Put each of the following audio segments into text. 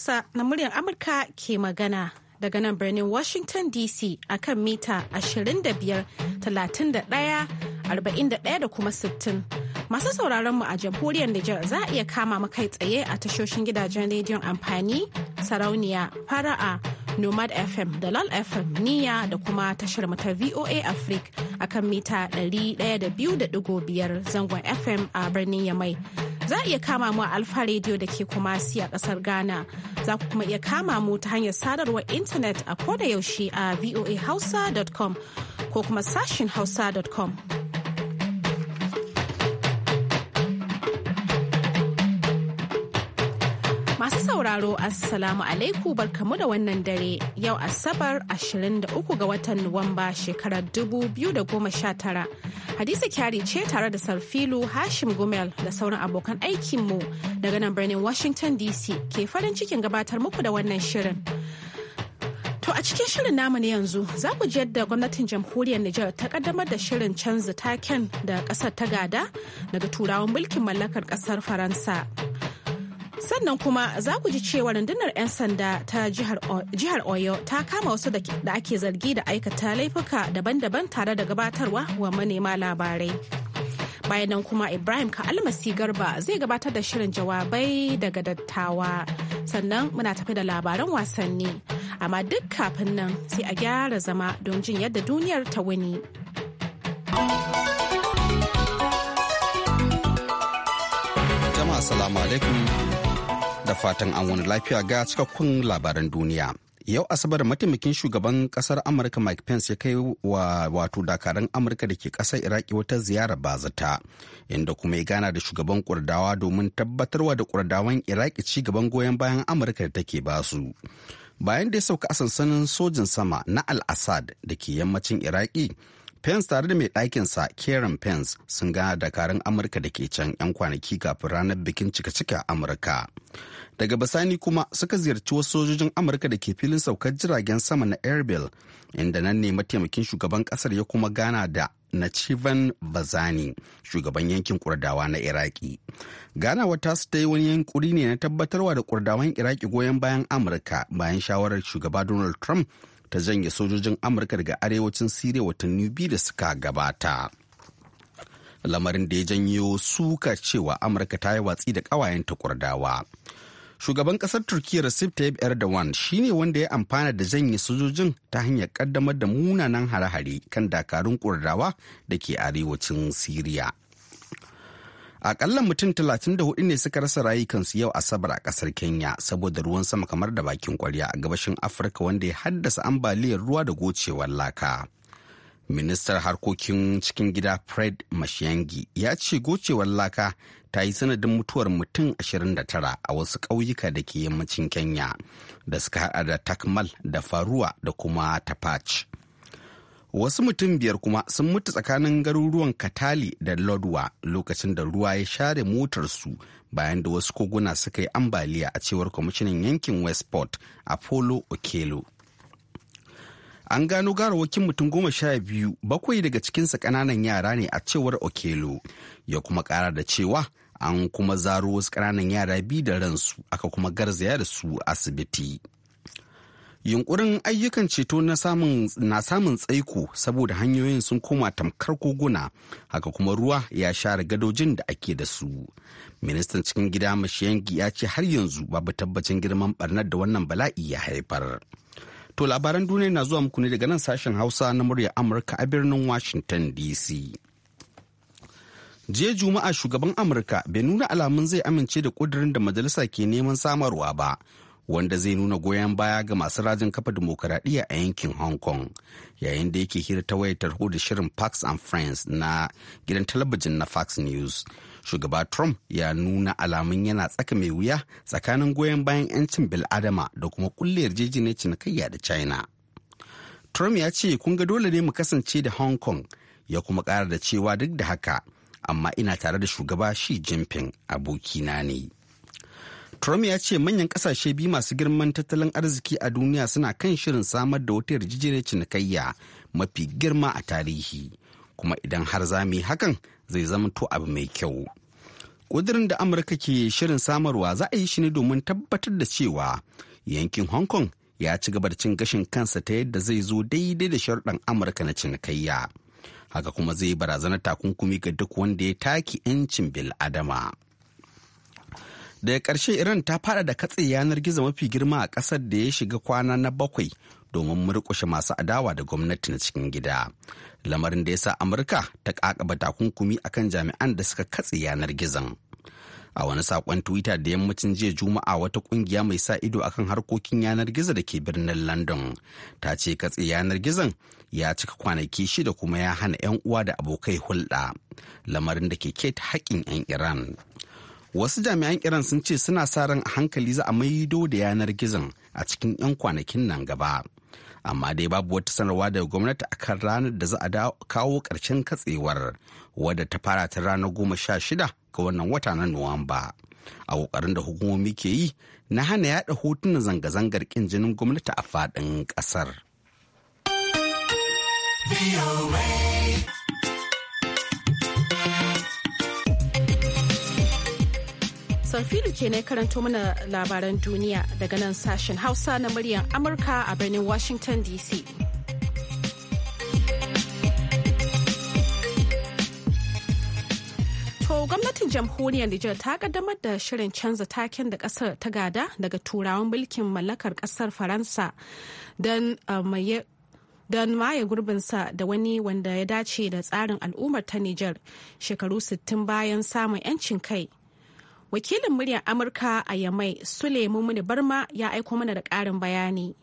Hausa na muryar Amurka ke magana daga nan birnin Washington DC akan mita 25, 31, 41 da kuma 60. Masu sauraron mu a jamhuriyar Nijar za a iya kama makai tsaye a tashoshin gidajen rediyon amfani, sarauniya, fara'a, Nomad FM da lal FM niya da kuma tashar ta VOA Africa akan mita 100.5 zangon FM a birnin Yamai. za a iya kama mu a Alfa Radio da ke Kumasi a kasar Ghana. Za ku kuma iya kama mu ta hanyar sadarwar intanet a koda yaushe a voahausa.com ko kuma sashin hausa.com. sauraro Assalamu alaikum barkamu da wannan dare yau Asabar 23 ga watan Nuwamba shekarar 2019. Hadisa kyari ce tare da Sarfilu Hashim Gumel da sauran abokan aikinmu daga nan birnin Washington DC ke farin cikin gabatar muku da wannan shirin. To a cikin shirin namu ne yanzu za ku ji yadda gwamnatin jamhuriyar Nijar ta kaddamar da shirin canza taken da ƙasar ta gada daga turawan mulkin mallakar ƙasar Faransa. sannan kuma za ku ji cewa rundunar 'yan sanda ta jihar oyo ta kama wasu da ake zargi da aikata laifuka daban-daban tare da gabatarwa wa manema labarai bayan nan kuma ibrahim almasi garba zai gabatar da shirin jawabai daga dattawa sannan muna tafi da labaran wasanni amma duk kafin nan sai a gyara zama don jin yadda duniyar ta wuni. jama'a salamu alaikum da fatan an wani lafiya ga cikakkun labaran duniya. Yau Asabar mataimakin shugaban kasar Amurka Mike Pence ya kai wa wato dakaran Amurka da ke kasar Iraki wata ziyara bazata, inda kuma ya gana da shugaban Kurdawa domin tabbatarwa da Kurdawan Iraki ci gaban goyon bayan Amurka da take basu. Bayan da ya sauka a sansanin sojin sama na Al-Assad da ke yammacin Iraki, Pence tare da mai ɗakinsa Karen Pence sun gana dakarun Amurka da ke can 'yan kwanaki kafin ranar bikin cika-cika Amurka. Daga basani kuma suka ziyarci wasu sojojin Amurka da ke filin saukar jiragen sama na Erbil, inda nan ne mataimakin shugaban ƙasar ya kuma gana da na Nachivan Bazani, shugaban yankin Kurdawa na Iraki. Ganawa ta su ta yi wani yankuri ne na tabbatarwa da Kurdawan Iraki goyon bayan Amurka bayan shawarar shugaba Donald Trump ta janye sojojin amurka daga arewacin siriya watanni biyu da suka gabata lamarin da ya janyo suka cewa amurka ta yi watsi da ƙawayenta kurdawa shugaban kasar turkiyya recep tayyip erdogan shine wanda ya amfana da janye sojojin ta hanyar kaddamar da munanan hare-hare kan dakarun kurdawa da ke arewacin siriya Akalla mutum 34 ne suka rasa rayukansu yau Asabar a kasar Kenya saboda ruwan sama kamar da bakin kwarya a gabashin Afirka wanda ya haddasa ambaliyar ruwa da gocewar laka. Ministar harkokin cikin gida Fred Mashiyangi ya ce gocewar laka ta yi sanadin mutuwar mutum 29 a wasu ƙauyuka da ke yammacin Kenya da suka haɗa da Takmal da Faruwa da kuma Tapach. wasu mutum biyar kuma sun mutu tsakanin garuruwan katali da lodwa lokacin da ruwa ya share motarsu bayan da wasu koguna suka yi ambaliya a cewar kwamishinan yankin westport apollo okelo an gano garawakin mutum goma sha biyu bakwai daga cikinsa ƙananan yara ne a cewar okelo ya kuma ƙara da cewa an kuma zaro wasu ƙananan yara biyu da ransu aka kuma garzaya da su asibiti yunkurin ayyukan ceto na samun tsaiko saboda hanyoyin sun koma tamkar koguna haka kuma ruwa ya share gadojin da ake da su ministan cikin gida mashiyangi ya ce har yanzu babu tabbacin girman barnar da wannan bala'i ya haifar to labaran duniya na zuwa muku ne daga nan sashen hausa na murya amurka a birnin washington dc jiya juma'a shugaban amurka bai nuna alamun zai amince da kudirin da majalisa ke neman samarwa ba wanda zai nuna goyon baya ga masu rajin kafa dimokuraɗiyya a yankin hong kong yayin da yake hira ta wayar tarho da shirin fox and friends na gidan talabijin na fox news shugaba trump ya nuna alamun yana tsaka mai wuya tsakanin goyon bayan 'yancin bil'adama da kuma kulle yarjejeniyar cinikayya da china trump ya ce kun ga dole ne mu kasance da hong kong ya kuma ƙara da cewa duk da haka amma ina tare da shugaba shi jinping abokina ne Trump ya ce manyan kasashe biyu masu girman tattalin arziki a duniya suna kan shirin samar da wata yarjejeniyar cinikayya mafi girma a tarihi. Kuma idan har za mu yi hakan zai zama to abu mai kyau. Ƙudurin da Amurka ke shirin samarwa za a yi shi ne domin tabbatar da cewa yankin Hong Kong ya ci gaba da cin gashin kansa ta yadda zai zo daidai da sharuɗan Amurka na cinikayya. Haka kuma zai barazana takunkumi ga duk wanda ya taki 'yancin bil'adama. daga ƙarshe iran ta fada da katse yanar gizo mafi girma a ƙasar da ya shiga kwana na bakwai domin murƙushe masu adawa da gwamnati na cikin gida lamarin da ya sa amurka ta ƙaƙaba takunkumi akan jami'an da suka katse yanar gizon a wani saƙon twitter da yammacin jiya juma'a wata ƙungiya mai sa ido akan harkokin yanar gizo da ke birnin london ta ce katse yanar gizon ya cika kwanaki shida kuma ya hana 'yan uwa da abokai hulɗa lamarin da ke keta haƙƙin 'yan iran wasu jami'an kiran sun ce suna sa ran a hankali za a maido da yanar gizon a cikin 'yan kwanakin nan gaba amma dai babu wata sanarwa daga gwamnati akan ranar da za a kawo ƙarshen katsewar wadda ta fara ta ranar goma sha shida ga wannan wata na nuwamba a ƙoƙarin da hukumomi ke yi na hana yaɗa hotunan zanga-zangar ƙin jinin gwamnati a faɗin ƙasar. Sarfilu ke ne karanto mana labaran duniya daga nan sashen Hausa na muryar Amurka a birnin Washington DC. To gwamnatin jamhuriyar Nijar ta kaddamar da shirin canza taken da kasar ta gada daga turawan mulkin mallakar kasar Faransa don uh, maye don maye gurbinsa da wani wanda ya dace da tsarin al'ummar ta Nijar shekaru 60 bayan samun 'yancin kai. wakilin muryar amurka a yamai sulemu mini barma ya aiko mana da karin bayani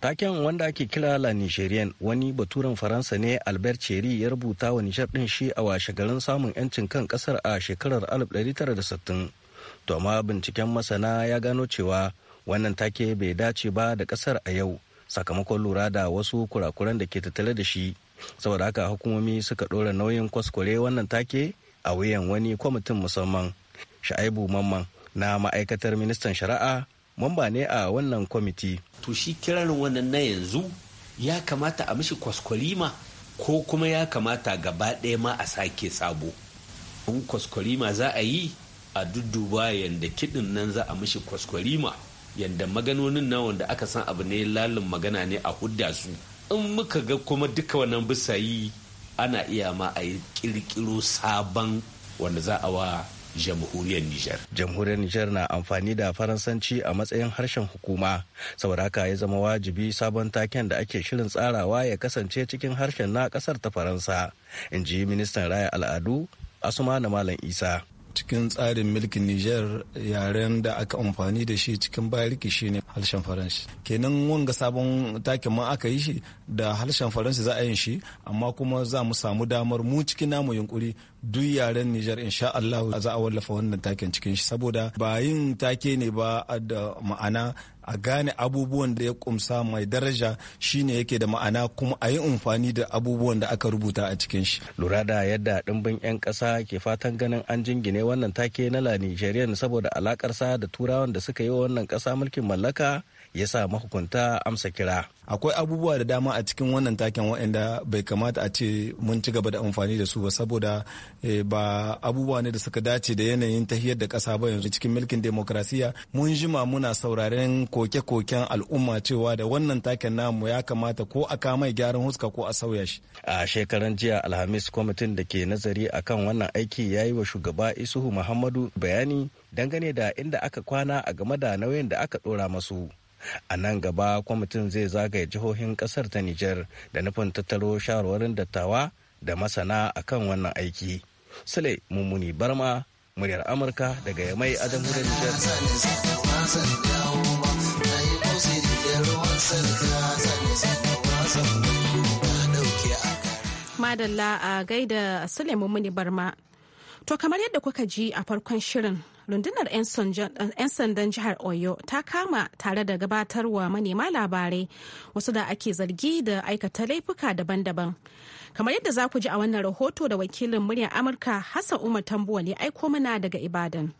taken wanda ake kira la nigerian wani baturen faransa ne albert cheri ya rubuta wa nishar din shi a washe garin samun yancin kan kasar a shekarar 1960 to amma binciken masana ya gano cewa wannan take bai dace ba da kasar a yau sakamakon lura da wasu kurakuran da ke tattale da shi saboda haka hukumomi suka ɗora nauyin kwaskware wannan take a wuyan wani kwamitin musamman Sha'aibu Mamman na ma'aikatar ministan shari'a mamba ne a wannan kwamiti. To shi kirar wannan na yanzu ya kamata a mishi kwaskwalima ko kuma ya kamata gaba ɗaya ma a sake sabo. In kwaskwalima za a yi a dudduba yadda kiɗin nan za a mishi kwaskwalima yadda maganonin na wanda aka san abu ne lalin magana ne a hudda su. In muka ga kuma duka wannan bisa yi ana iya ma a yi ƙirƙiro sabon wanda za a wa jamhuriyar Nijar. Jamhuriyar Nijar na amfani da Faransanci a matsayin harshen hukuma, saboda haka ya zama wajibi sabon taken da ake shirin tsarawa ya kasance cikin harshen na kasar ta Faransa, in ji ministan raya al'adu Asuma na Malam Isa. cikin tsarin mulkin nijar yaren da aka amfani da shi cikin bayarki shi ne harshen Faransa. kenan wanga sabon takin ma aka yi shi da harshen faransa za a yin shi amma kuma za mu samu damar mu cikin namu yunkuri duk yaren Nijar insha Allah za a wallafa wannan taken cikin shi saboda ba yin take ne ba da ma'ana a gane abubuwan da ya kumsa mai daraja shine yake da ma'ana kuma a yi amfani da abubuwan da aka rubuta a cikin shi. Lura da yadda ɗimbin 'yan ƙasa ke fatan ganin an jingine wannan take na la Nijeriyan saboda sa da turawan da suka yi wa wannan ƙasa mulkin mallaka ya sa mahukunta amsa kira. Akwai abubuwa da dama a cikin wannan taken waɗanda bai kamata a ce mun ci gaba da amfani da su ba saboda eh, ba abubuwa ne da suka dace da yanayin tahiyar da ƙasa ba yanzu cikin mulkin demokrasiya mun jima muna sauraren koke-koken al'umma cewa da wannan taken namu ya kamata ko a kama gyaran huska ko a sauya shi. A shekaran jiya Alhamis kwamitin da ke nazari akan wannan aiki ya yi wa shugaba Isuhu Muhammadu bayani dangane da inda aka kwana a game da nauyin da aka ɗora masu. a nan gaba kwamitin zai zagaya jihohin kasar ta nijar da nufin tattaro shawarwarin dattawa da masana a kan wannan aiki sule mummuni barma muryar amurka daga yamai a jamhuriyar madalla a gaida sule mummuni barma To kamar yadda kuka ji a farkon shirin rundunar 'yan sandan jihar oyo ta kama tare da gabatarwa manema labarai wasu da ake zargi da aikata laifuka daban-daban kamar yadda za ku ji a wannan rahoto da wakilin muryar amurka hassan umar tambuwa ne aiko mana daga ibadan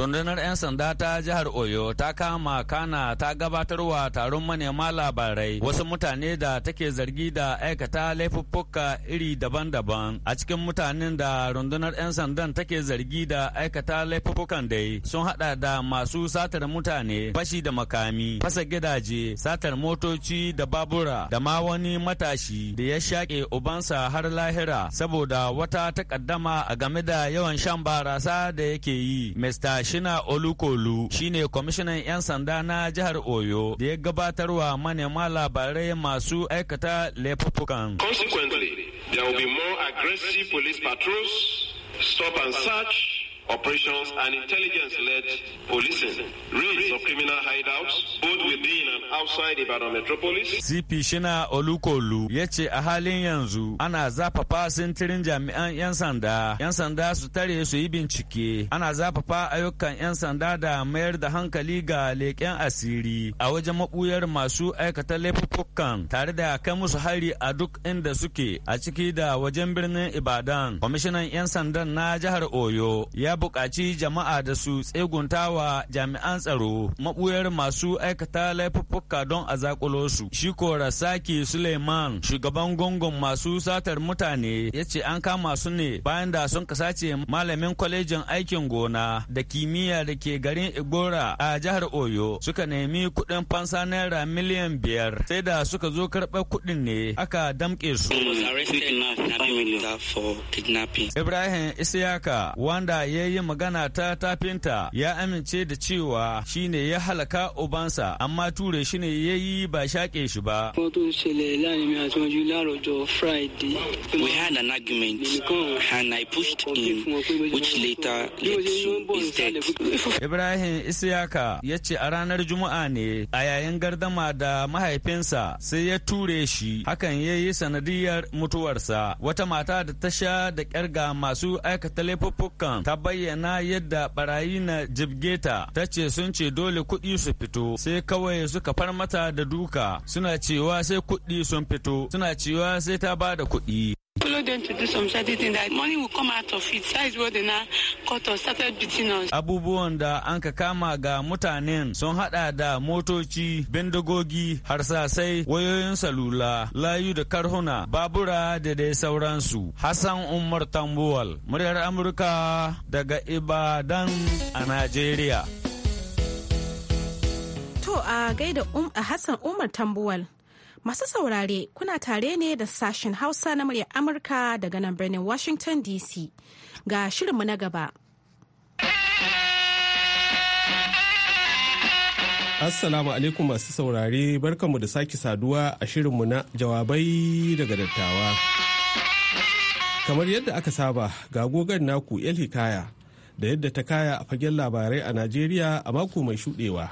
rundunar 'yan sanda ta jihar oyo ta kama kana ta gabatarwa taron manema labarai wasu mutane da take zargi da aikata laifuffuka iri daban-daban a cikin mutanen da rundunar 'yan sandan take zargi da aikata laifuffukan dai sun hada da masu satar mutane fashi da makami fasa gidaje satar motoci da babura da ma wani matashi da ya shaƙe ubansa har lahira saboda wata takaddama a game da yawan shan barasa da yake yi mr kwamishina olukolu shine kwamishinan 'yan sanda na jihar oyo da ya gabatarwa manema labarai masu aikata laifukan. consequently there will be more aggressive police patrols stop and search operations and intelligence-led policing, raids of criminal hideouts both within and outside Ibadan metropolis. CP Shina Olukolu ya ce a halin yanzu ana zafafa sintirin jami'an 'yan sanda, 'yan sanda su tare su yi bincike, ana zafafa ayyukan 'yan sanda da mayar da hankali ga leƙen asiri a wajen maɓuyar masu aikata laifukan tare da kai musu hari a duk inda suke a ciki da wajen birnin Ibadan. Kwamishinan 'yan sandan na jihar Oyo ya buƙaci jama'a da su tsegunta wa jami'an tsaro maɓuyar masu aikata laifuffuka don a zakulo su. Shi ko Rasaki Suleiman shugaban gungun masu satar mutane ya ce an kama su ne bayan da sun kasace malamin kwalejin aikin gona da kimiyya da ke garin Igbora a jihar Oyo suka nemi kuɗin fansa naira miliyan biyar sai da suka zo karɓar kuɗin ne aka damƙe su. Ibrahim Isiyaka wanda ya yin magana ta tafinta ya amince da cewa shi ne ya halaka ubansa amma ture shi ne ya yi ba shaƙe shi ba. We had an argument and I pushed him which later led to his death. Ibrahim Isiyaka ya ce a ranar Juma'a ne a yayin gardama da mahaifinsa sai ya ture shi hakan ya yi sanadiyar mutuwarsa. Wata mata da ta sha da ƙyarga masu aikata laifuffukan tabbatar bayyana yadda barayi na jibgeta ta ce sun ce dole kuɗi su fito sai kawai suka far mata da duka suna cewa sai kuɗi sun fito suna cewa sai ta ba da kuɗi follow them to do some certain things that money will come out of it. That is what they now cut us, started beating us. Abubuwan da an ka kama ga mutanen sun hada da motoci, bindigogi, harsasai, wayoyin salula, layu da karhuna, babura da dai sauransu. Hassan Umar Tambuwal, muryar Amurka daga Ibadan a Najeriya. To a gaida um, Hassan Umar Tambuwal. Masu saurare kuna tare ne da sashen Hausa na muryar Amurka daga nan birnin Washington DC. Ga shirinmu na gaba. Assalamu alaikum masu saurare barkanmu da sake saduwa a shirinmu na jawabai daga dattawa. Kamar yadda aka saba ga gogar naku El Hikaya da yadda ta kaya a fagen labarai a Najeriya a mako mai shudewa.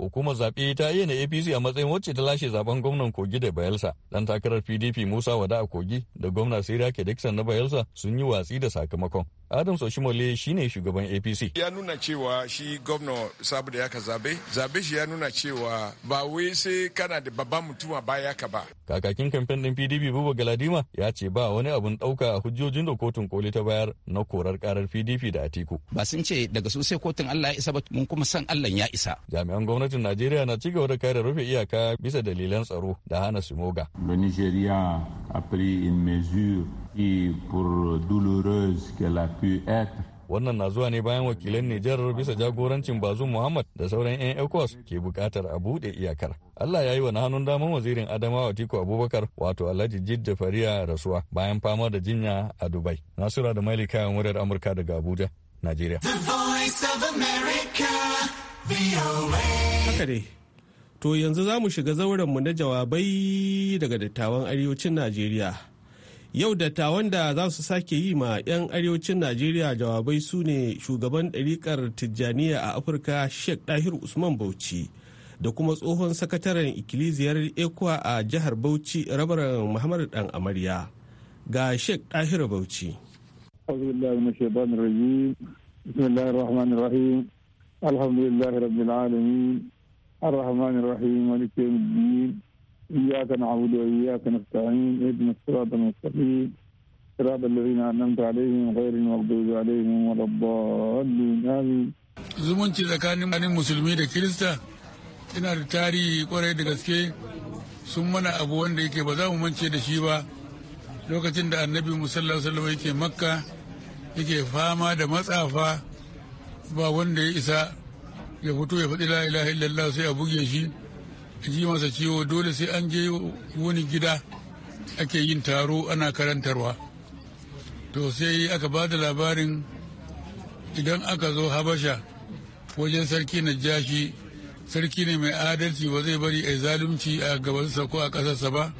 hukumar zaɓe ta yi na apc a matsayin wacce ta lashe zaben gwamnan kogi da bayelsa dan takarar pdp musa wada a kogi da gwamna siriya ke na bayelsa sun yi watsi da sakamakon Adam Adams Oshimole ne shugaban APC. Ya nuna cewa shi gwamna sabu da ya ka zabe, zabe shi ya nuna cewa ba wai sai kana da babban mutum a baya ka ba. Kakakin kamfen ɗin PDP Buba Galadima ya ce ba wani abun ɗauka a hujjojin da kotun koli ta bayar na korar karar PDP da Atiku. Ba sun ce daga su sai kotun Allah ya isa ba mun kuma san Allah ya isa. Jami'an gwamnatin Najeriya na cigaba da kare rufe iyaka bisa dalilan tsaro da hana simoga. Le Shari'a a pris une et pour douloureuse pu wannan na zuwa ne bayan wakilan Nijar bisa jagorancin bazu Muhammad da sauran 'yan ECOWAS ke bukatar a buɗe iyakar. Allah ya yi wa hannun daman wazirin Adamawa Tiku Abubakar wato Alhaji Jidda Fariya rasuwa bayan fama da jinya a Dubai. Nasura da Malika muryar Amurka daga Abuja, Najeriya. Haka dai, to yanzu za mu shiga zauren mu na jawabai daga dattawan arewacin Najeriya. Yau dattawan da za su sake yi ma 'yan arewacin Najeriya jawabai su ne shugaban ɗariƙar Tijjaniya a Afirka Sheikh Dahir Usman Bauchi da kuma tsohon sakataren ikkilisiyar Ekwa a jihar Bauchi rabaran Muhammadu Dan Amarya ga Sheikh Dahir Bauchi. alhamdulillah rabbil alamin ar-rahman ar-rahim maliki yawmiddin إياك نعبد وإياك نستعين اهدنا الصراط المستقيم صراط الذين أنعمت عليهم غير المغضوب عليهم ولا الضالين آمين zumunci tsakanin musulmi da kirista yana da tarihi kwarai da gaske sun mana abu wanda yake ba za mu mance da shi ba lokacin da annabi musallar salama yake makka yake fama da matsafa ba wanda ya isa ya fito ya faɗi la ilaha illallah sai a buge shi ji masa ciwo dole sai an je wani gida ake yin taro ana karantarwa to sai aka ba da labarin idan aka zo habasha wajen sarki na jashi sarki ne mai adalci ba zai bari a zalunci a gabansa ko a kasarsa ba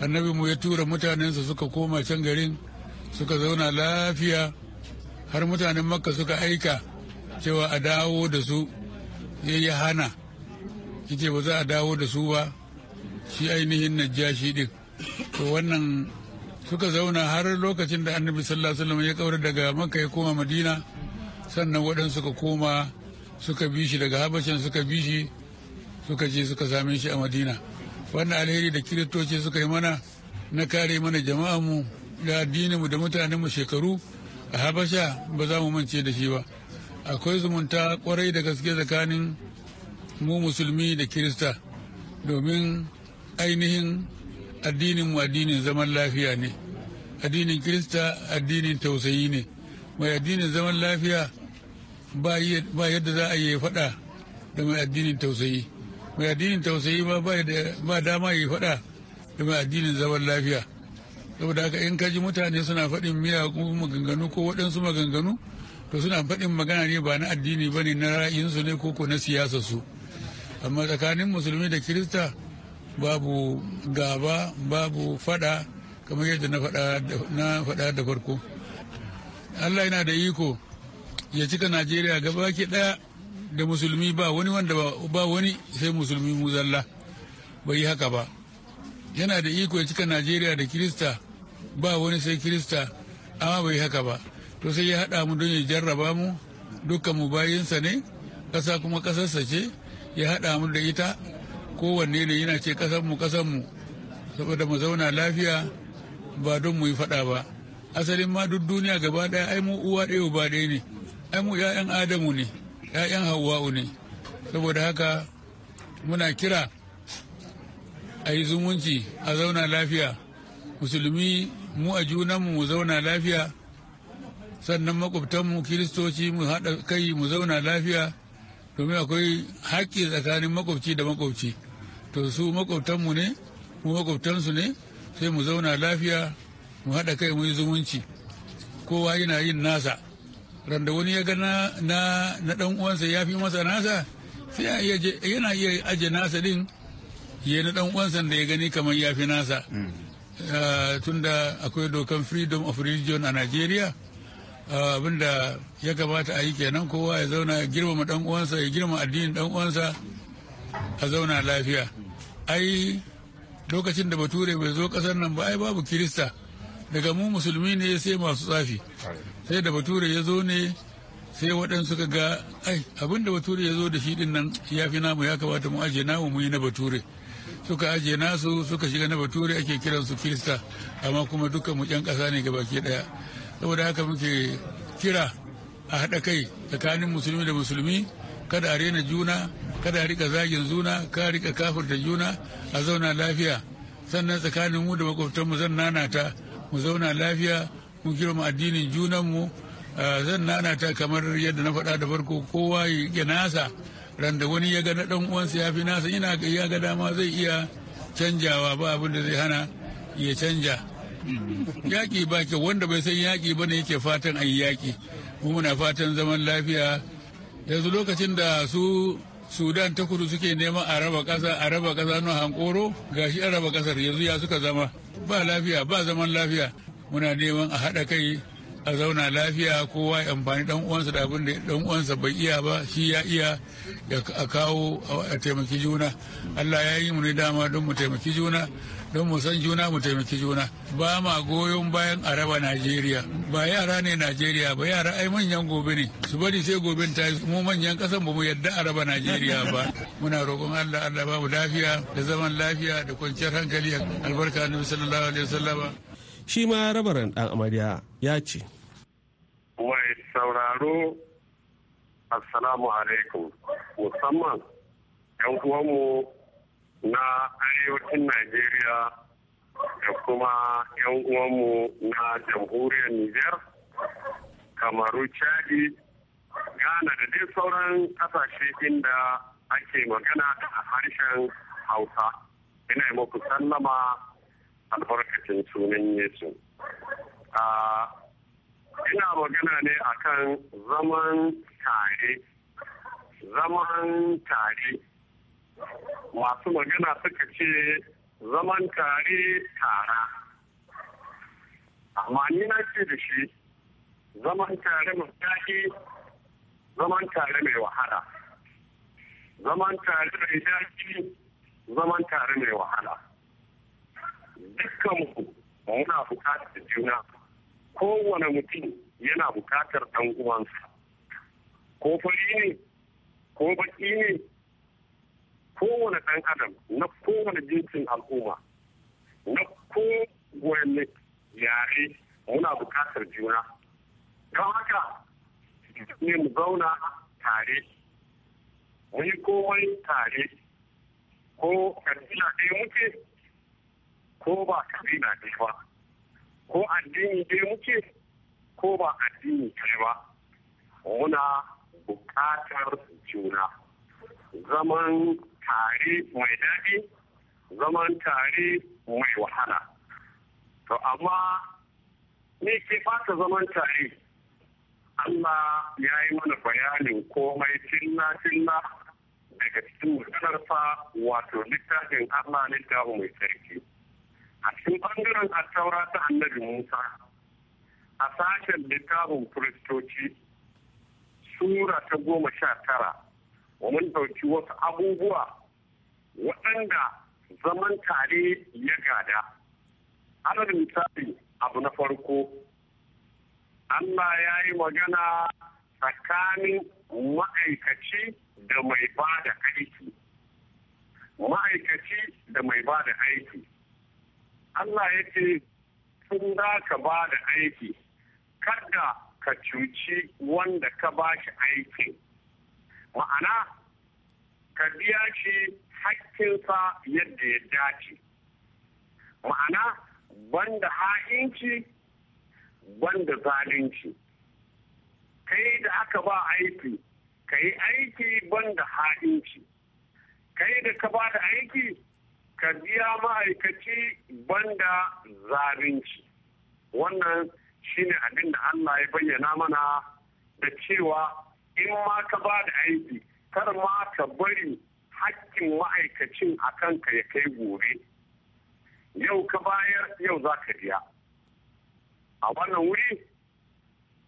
annabi mu ya tura mutanensa suka koma can garin suka zauna lafiya har mutanen makka suka aika cewa a dawo da su ya yi hana ce ba za a dawo da su ba shi ainihin najashi din to wannan suka zauna har lokacin da annabi sallallahu alaihi ya kaura daga makka ya koma madina sannan waɗansu suka koma suka bi shi daga habashin suka bi shi suka je suka same shi a madina wannan alheri da kiristoci suka yi mana na kare mana mu da mu da mutanenmu shekaru a habasha ba za mu mance da shi ba akwai zumunta kwarai da gaske tsakanin mu musulmi da kirista domin ainihin addinin mu addinin zaman lafiya ne addinin kirista addinin tausayi ne mai addinin zaman lafiya ba yadda za a yi faɗa da mai addinin tausayi mai addinin tausayi ba ba dama yi faɗa da mai addinin zaman lafiya saboda haka in kaji mutane suna faɗin miyagun maganganu ko waɗansu maganganu to suna faɗin magana ne ba na addini ba ne na ra'ayinsu ne ko na siyasa su amma tsakanin musulmi da kirista babu gaba babu fada kamar yadda na fada da farko allah yana da iko ya cika najeriya gaba ke daya da musulmi ba wani wanda ba wani sai musulmi muzalla bai yi haka ba yana da iko ya cika najeriya da kirista ba wani sai kirista amma bai yi haka ba to sai ya haɗa mu don ya jarraba mu dukkan mu bayinsa ne ƙasa kuma kasarsa ce ya haɗa mu da ita kowanne ne yana ce ƙasanmu ƙasanmu saboda mu zauna lafiya ba don mu yi faɗa ba asalin ma duk duniya gaba ɗaya ai mu uwa ɗaya ba ɗaya ne ai mu 'ya'yan adamu ne 'ya'yan hawa'u ne saboda haka muna kira a yi zumunci a zauna lafiya musulmi mu a junan mu mu zauna lafiya sannan makwabtanmu kiristoci mu haɗa kai mu zauna lafiya domin akwai haƙƙi tsakanin makwabci da makwabci to su makwabtanmu ne mu makwabtansu ne sai mu zauna lafiya mu haɗa kai mu yi zumunci kowa yana yin nasa randa wani ya ga na na ɗan uwansa ya fi masa nasa sai yana iya aje nasa din ya na ɗan uwansa da ya gani kamar ya fi nasa mm. ah, tunda akwai dokan freedom of religion a nigeria Eh, abin da ya kamata a yi kenan kowa ya zauna ya girmama dan uwansa ya girmama addinin dan uwansa a zauna lafiya ai lokacin da bature bai zo kasar nan ba ai babu kirista daga mu musulmi ne sai masu tsafi sai da bature ya zo ne sai waɗansu suka ga ai abin da bature ya zo da shi din nan ya fi namu ya kamata mu ajiye namu mu yi na bature suka ajiye nasu suka shiga na bature ake kiransu kirista amma kuma dukkan mu 'yan ƙasa ne gabaki ɗaya saboda haka muke kira a haɗa kai tsakanin musulmi da musulmi kada a rena juna kada a rika zagin juna kada a rika kafirta juna a zauna lafiya sannan tsakanin mu da mu zan nanata mu zauna lafiya mu girma addinin junanmu zan nanata kamar yadda na faɗa da farko kowa ya nasa ran da wani ya ga na ɗan uwansa ya fi nasa ina ya ga dama zai iya canjawa ba abin da zai hana ya canja yaƙi ba ke wanda bai san yaƙi ba ne yake fatan ayi yi yaƙi mu muna fatan zaman lafiya yanzu lokacin da su sudan ta kudu suke neman a raba ƙasa a raba ƙasa na hankoro gashi an raba ƙasar yanzu ya suka zama ba lafiya ba zaman lafiya muna neman a haɗa kai a zauna lafiya kowa ya amfani dan uwansa da abin da dan uwansa bai iya ba shi ya iya a kawo a taimaki juna Allah ya yi mu ne dama don mu taimaki juna don mu san juna mu taimaki juna ba ma goyon bayan araba Najeriya ba yara ne Najeriya ba yara ai manyan gobe ne su bari sai gobe ta mu manyan kasan ba mu yadda araba Najeriya ba muna roƙon Allah Allah ba mu lafiya da zaman lafiya da kwanciyar hankali albarka Annabi sallallahu alaihi wasallama shi ma rabaran ɗan amarya ya ce. Wai sauraro Assalamu alaikum musamman 'yan uwanmu na arewacin Najeriya da kuma 'yan uwanmu na jamhuriyar Nijar, kamaru Chadi, Ghana da dai sauran kasashe inda ake magana a harshen Hausa. Ina yi muku sallama albarkacin sunan Yesu. Ah, ina magana ne akan zaman tare, zaman tare. Masu magana suka ce zaman tare tara. Amma ni na ce da shi, zaman tare mai daɗi, zaman tare mai wahala. Zaman tare mai daɗi, zaman tare mai wahala. dukkanmu muna bukatar juna kowane mutum yana bukatar ɗan uwansa ko fari ne ko baki ne kowane ɗan adam na kowane jinsin al'umma na kowane yare muna bukatar juna don haka ne mu zauna tare mu yi komai tare ko kabila ɗaya muke ko ba na ɗaya ba ko addini ɗaya muke ko ba addini kai ba muna buƙatar juna zaman tare mai daɗi zaman tare mai wahala to amma ni ke fata zaman tare Allah ya yi mana bayanin komai tilla-tilla daga cikin maganarsa wato littafin Allah littafin mai sarki. a cikin ɓangaren attaura ta annabi musa a sashen littafin kiristoci sura ta goma sha tara wa mun ɗauki wasu abubuwa waɗanda zaman tare ya gada da misali abu na farko Allah ya yi magana tsakanin ma'aikaci da mai ba da aiki ma'aikaci da mai ba da aiki Allah ya ce sun za ka ba da aiki kada ka cuci wanda ka ba shi aiki ma'ana ka biya shi hakkinsa yadda ya dace ma'ana banda ha'inci banda zalunci kai da aka ba aiki ka yi aiki banda ha'inci kai da ka ba da aiki ka biya ma'aikaci banda zalunci wannan shine abin da Allah ya bayyana mana da cewa in ma ka ba da aiki kar ma ka bari hakkin ma'aikacin a kanka ya kai gobe yau ka bayar yau za ka biya a wannan wuri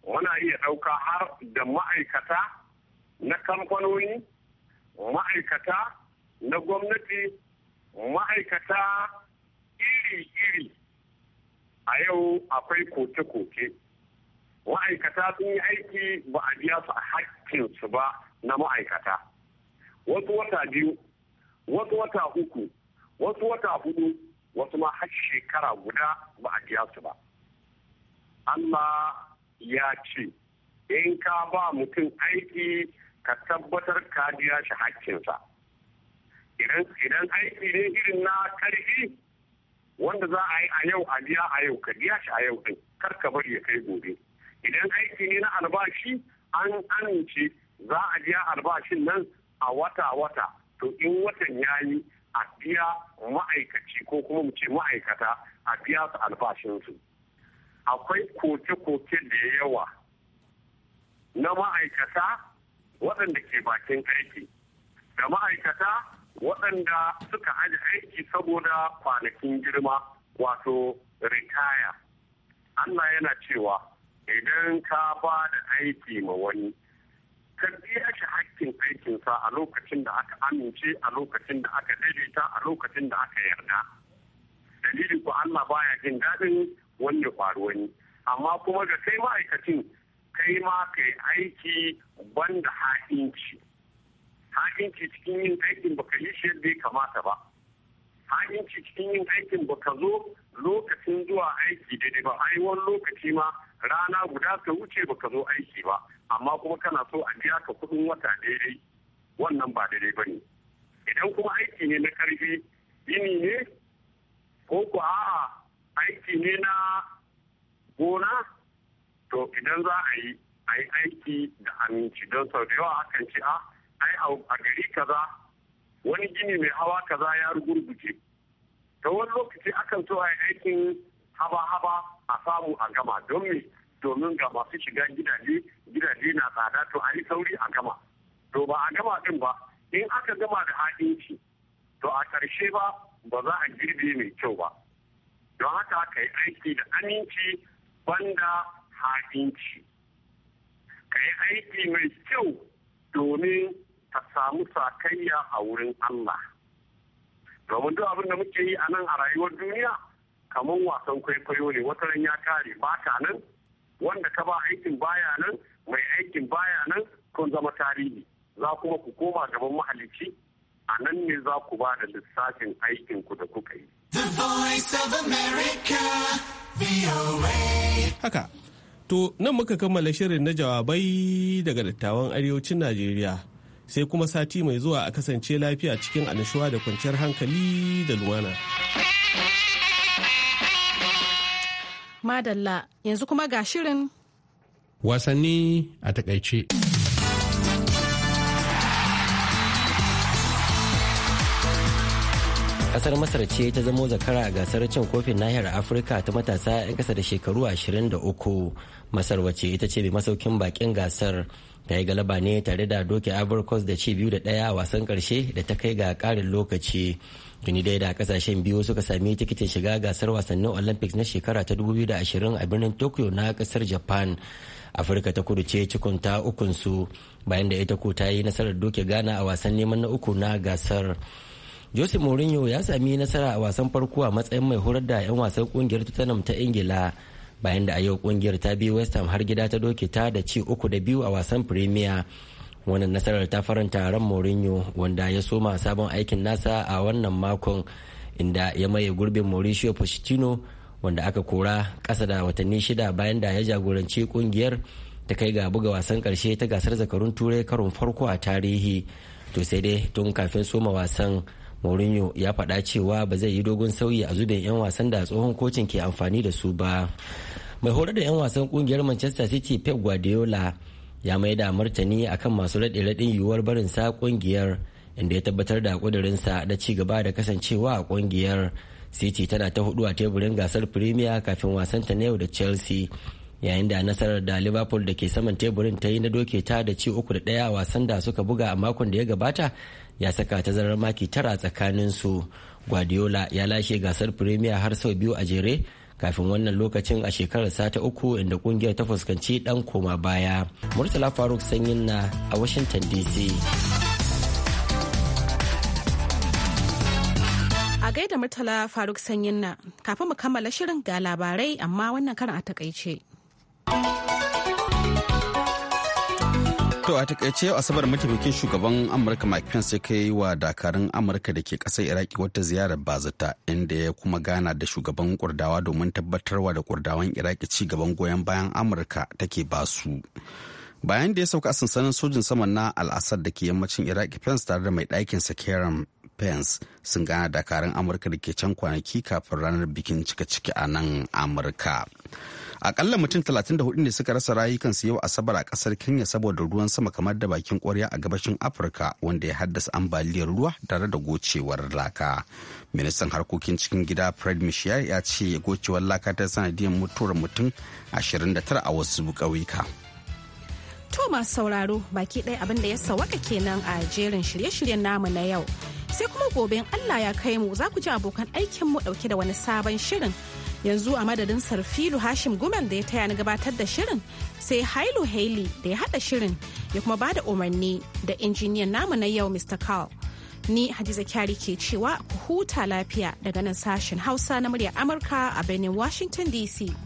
muna iya ɗauka har da ma'aikata na kamfanoni ma'aikata na gwamnati ma'aikata iri-iri a yau akwai koke-koke ma'aikata sun yi aiki ba a biya su a hakkinsu ba na ma'aikata wasu wata biyu wasu wata uku wasu wata hudu wasu ma har shekara guda ba a biya su ba Allah ya ce in ka ba mutum aiki ka tabbatar ka biya shi hakkinsa. idan aiki ne irin na karfi wanda za a yi a yau a biya a yau ka biya shi a yau din kar ka bari ya kai gobe idan aiki ne na albashi an amince za a biya albashin nan a wata-wata to in watan ya yi a biya ma'aikaci ko kuma mu ce ma'aikata a biya su albashinsu akwai koke-koke da yawa na ma'aikata waɗanda ke bakin aiki da ma'aikata waɗanda suka aji aiki saboda kwanakin girma wato ritaya Allah yana cewa idan ka ba da aiki ma wani ka biya shi hakkin aikinsa a lokacin da aka amince a lokacin da aka daidaita a lokacin da aka yarda Dalilin ku Allah baya jin daɗin wani faru wani amma kuma ga kai ma'aikacin kai ma kai aiki banda ha'inci ha'inci cikin yin aikin baka yi shi yadda ya kamata ba ha'inci cikin yin aikin baka zo lokacin zuwa aiki daidai ba ai wani lokaci ma rana guda ka wuce baka zo aiki ba amma kuma kana so a biya ka kuɗin wata daidai wannan ba daidai ba ne idan kuma aiki ne na karfi yini ne ko ku a'a aiki ne na gona to idan za a yi a aiki da aminci don sau da yawa akan ce a ah, ai a gari kaza wani gini mai hawa kaza ya rugurguje ta wani lokaci akan so a aikin haba-haba a samu a gama don domin ga masu shiga gidaje gidaje na tsada to a yi sauri a gama to ba a gama din ba in aka gama da hadinci to a ƙarshe ba ba za a girbe mai kyau ba don haka ka yi aiki da aminci banda haɗinci ka yi aiki mai kyau domin ka samu sakayya a wurin Allah. Domin duk abin da muke yi a nan a rayuwar duniya kamar wasan kwaikwayo ne wata ran ya kare ba nan wanda ka ba aikin baya nan mai aikin baya nan kun zama tarihi za kuma ku koma gaban mahalicci a nan ne za ku ba da lissafin aikin ku da kuka yi. Haka, to nan muka kammala shirin na jawabai daga dattawan arewacin Najeriya. sai kuma sati mai zuwa a kasance lafiya cikin annashuwa da kwanciyar hankali da lumana. Madalla yanzu kuma ga shirin wasanni a takaice. kasar masar ce ta zamo zakara a gasar cin kofin nahiyar afirka ta matasa 'yan kasa da shekaru 23 masar wacce ita ce mai masaukin bakin gasar ta yi galaba ne tare da doke ivory coast da ci biyu da daya a wasan karshe da ta kai ga karin lokaci tuni dai da kasashen biyu suka sami tikitin shiga gasar wasannin olympics na shekara ta 2020 a birnin tokyo na kasar japan afirka ta kudu ce cikunta ukunsu bayan da ita ko ta yi nasarar doke gana a wasan neman na uku na gasar jose mourinho ya sami nasara a wasan farko a matsayin mai horar da 'yan wasan kungiyar tottenham ta ingila bayan da a yau kungiyar ta bi west ham har gida ta doke ta da ci uku da biyu a wasan premier wannan nasarar ta faranta ran mourinho wanda ya soma sabon aikin nasa a wannan makon inda ya maye gurbin mauricio pochettino wanda aka kora kasa da watanni shida bayan da ya jagoranci kungiyar ta kai ga buga wasan karshe ta gasar zakarun turai karon farko a tarihi to sai dai tun kafin soma wasan Mourinho ya faɗa cewa ba zai yi dogon sauyi a zubin 'yan wasan da tsohon kocin ke amfani da su ba. Mai horar da 'yan wasan kungiyar Manchester City Pep Guardiola ya mai da martani akan masu raɗe-raɗin yiwuwar barin sa kungiyar inda ya tabbatar da sa da ci gaba da kasancewa a kungiyar. City tana ta hudu a teburin gasar Premier kafin wasan ta na yau da Chelsea. yayin da nasarar da liverpool da ke saman teburin ta yi na doke ta da ci uku da daya wasan da suka buga a makon da ya gabata ya saka tazarar maki tara tsakanin su guardiola ya lashe gasar premier har sau biyu a jere kafin wannan lokacin a shekarar sata uku inda kungiyar ta fuskanci dan koma baya murtala faruk sanyin na a washington dc a gaida murtala faruk sanyin na kafin mu kammala shirin ga labarai amma wannan karin a takaice. To a takaice asabar mataimakin shugaban Amurka Mike Pence ya kai wa dakarun Amurka da ke ƙasar Iraki wata ziyarar bazata inda ya kuma gana da shugaban kurdawa domin tabbatarwa da kurdawan Iraki ci gaban goyon bayan Amurka take su Bayan da ya sauka sansanin sojin sama na Al-Assad da ke yammacin Iraki Pence tare da mai ɗakin sa Karen Pence sun gana dakarun Amurka da ke can kwanaki kafin ranar bikin cika ciki a nan Amurka. akalla mutum 34 ne suka rasa rayukansu yau asabar a kasar kenya saboda ruwan sama kamar da bakin kwarya a gabashin afirka wanda ya haddasa ambaliyar ruwa tare da gocewar laka ministan harkokin cikin gida fred mishiyar ya ce gocewar laka ta sanadiyar mutuwar mutum 29 a wasu ƙauyuka. to masu sauraro baki ɗaya abin da ya sawaka kenan a jerin shirye-shiryen namu na yau sai kuma gobe in allah ya kai mu za ku ji abokan aikinmu ɗauke da wani sabon shirin yanzu a madadin sarfilu hashim guman da ya taya ni gabatar da shirin sai hailu haley da ya hada shirin ya kuma bada umarni da injiniyan namu na yau mr carl ni hadiza kyari ke cewa ku huta lafiya daga nan sashen hausa na murya amurka a birnin washington dc